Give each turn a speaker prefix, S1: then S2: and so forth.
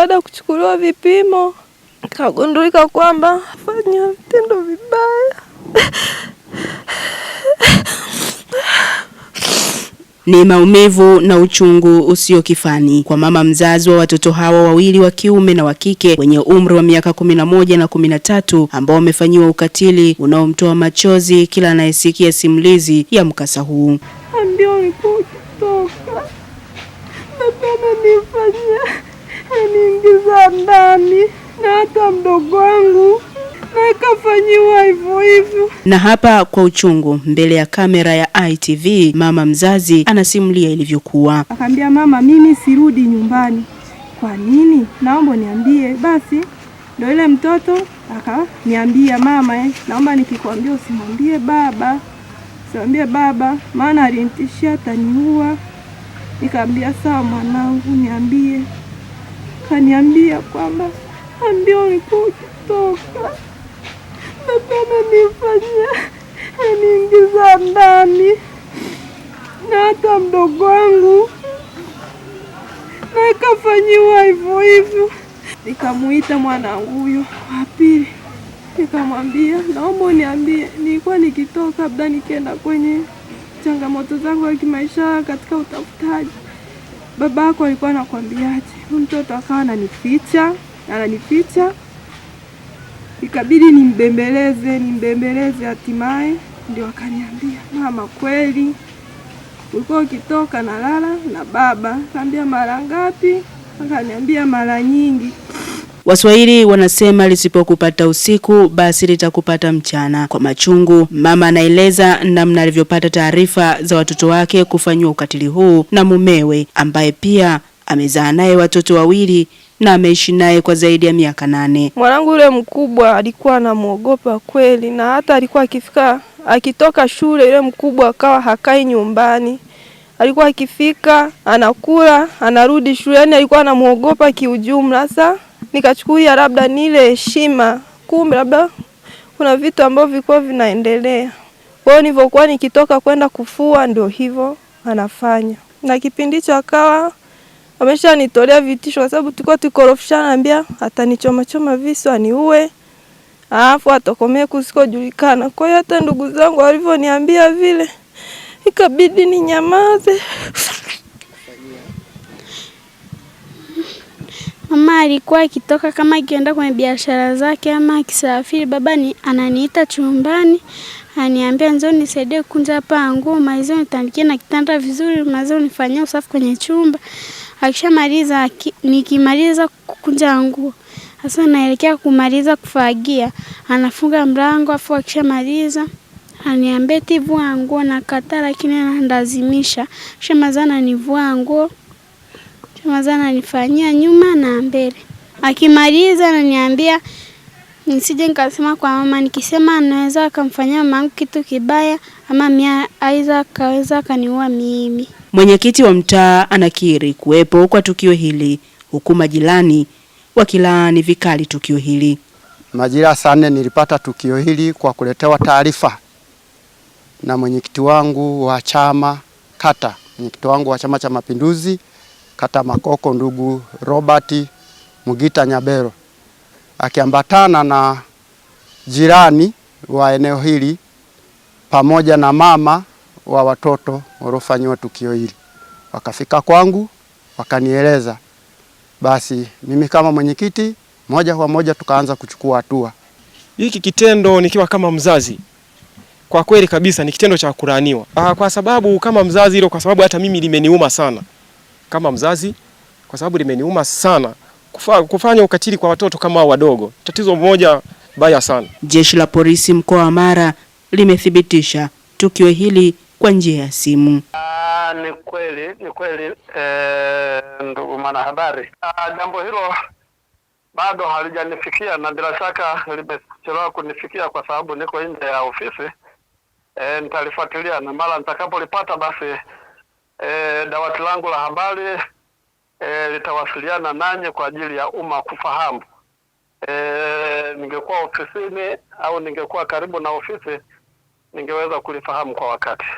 S1: baada ya kuchukuliwa vipimo kagundulika kwamba fanya vitendo vibaya.
S2: Ni maumivu na uchungu usio kifani kwa mama mzazi wa watoto hawa wawili wa kiume na wa kike wenye umri wa miaka kumi na moja na kumi na tatu ambao wamefanyiwa ukatili unaomtoa machozi kila anayesikia simulizi ya mkasa huu.
S1: Ambia ulikuwa ukitoka, baba ananifanyia aniingiza ndani na hata mdogo wangu na ikafanyiwa hivyo hivyo.
S2: Na hapa kwa uchungu mbele ya kamera ya ITV, mama mzazi anasimulia ilivyokuwa.
S1: Akaambia mama, mimi sirudi nyumbani. Kwa nini? Naomba niambie. Basi ndio ile mtoto akaniambia mama, eh, naomba nikikwambia usimwambie baba, usimwambie baba, maana alinitishia ataniua. Nikaambia sawa mwanangu, niambie akaniambia kwamba ambia ulikuwa ukitoka, baba ananifanyia aniingiza ndani, na hata mdogo wangu na ikafanyiwa hivyo hivyo. Nikamuita mwanangu huyo wa pili, nikamwambia naomba uniambie, nilikuwa nikitoka labda nikienda kwenye changamoto zangu ya kimaisha katika utafutaji babako alikuwa anakwambiaje? Mtoto akawa ananificha ananificha, ikabidi nimbembeleze nimbembeleze, hatimaye ndio akaniambia, mama, kweli ulikuwa ukitoka na lala na baba? Kaambia mara ngapi? Akaniambia mara nyingi.
S2: Waswahili wanasema lisipokupata usiku basi litakupata mchana. Kwa machungu, mama anaeleza namna alivyopata taarifa za watoto wake kufanyiwa ukatili huu na mumewe ambaye pia amezaa naye watoto wawili na ameishi naye kwa zaidi ya miaka nane.
S1: Mwanangu yule mkubwa alikuwa anamwogopa kweli, na hata alikuwa akifika akitoka shule, yule mkubwa akawa hakai nyumbani, alikuwa akifika anakula anarudi shule, yani alikuwa anamwogopa kiujumla. Sasa nikachukulia labda ni ile heshima, kumbe labda kuna vitu ambavyo vilikuwa vinaendelea. Kwa hiyo nilivyokuwa nikitoka kwenda kufua, ndio hivyo anafanya, na kipindi hicho akawa ameshanitolea vitisho, kwa sababu tulikuwa tukorofishana, anambia atanichoma choma visu aniue, alafu atokomee kusikojulikana. Kwa hiyo hata ndugu zangu walivyoniambia vile, ikabidi ninyamaze.
S3: Mama alikuwa akitoka kama akienda kwenye biashara zake ama akisafiri, baba ni, ananiita chumbani aniambia njoo nisaidie kunja hapa nguo maizo nitandikie na kitanda vizuri maizo nifanyie usafi kwenye chumba. Akishamaliza nikimaliza kunja nguo sasa naelekea kumaliza kufagia, anafunga mlango afu akishamaliza aniambia tivua vua nguo, nakataa, lakini anandazimisha. Akishamaliza ananivua nguo kwanza ananifanyia nyuma na mbele, akimaliza ananiambia nisije nikasema kwa mama, nikisema anaweza akamfanyia mamangu kitu kibaya, ama mia aiza akaweza akaniua mimi.
S2: Mwenyekiti wa mtaa anakiri kuwepo kwa tukio hili huku majirani wakilaani vikali tukio hili.
S4: Majira saa nne nilipata tukio hili kwa kuletewa taarifa na mwenyekiti wangu wa chama kata, mwenyekiti wangu wa Chama cha Mapinduzi kata Makoko, ndugu Robert Mugita Nyabero akiambatana na jirani wa eneo hili pamoja na mama wa watoto waliofanyiwa tukio hili, wakafika kwangu wakanieleza. Basi mimi kama mwenyekiti, moja kwa moja tukaanza kuchukua hatua.
S5: Hiki kitendo nikiwa kama mzazi, kwa kweli kabisa ni kitendo cha kulaaniwa, ah, kwa sababu kama mzazi hilo, kwa sababu hata mimi limeniuma sana kama mzazi, kwa sababu limeniuma sana kufanya ukatili kwa watoto kama wadogo, tatizo moja baya sana.
S2: Jeshi la polisi mkoa wa Mara limethibitisha tukio hili kwa njia ya simu.
S6: Aa, ah, ni kweli ni kweli ee, ndugu mwanahabari, ah, jambo hilo bado halijanifikia na bila shaka limechelewa kunifikia kwa sababu niko nje ya ofisi. Eh, nitalifuatilia na mara nitakapolipata basi e, dawati langu la habari e, litawasiliana nanye kwa ajili ya umma kufahamu. E, ningekuwa ofisini au ningekuwa karibu na ofisi ningeweza kulifahamu kwa wakati.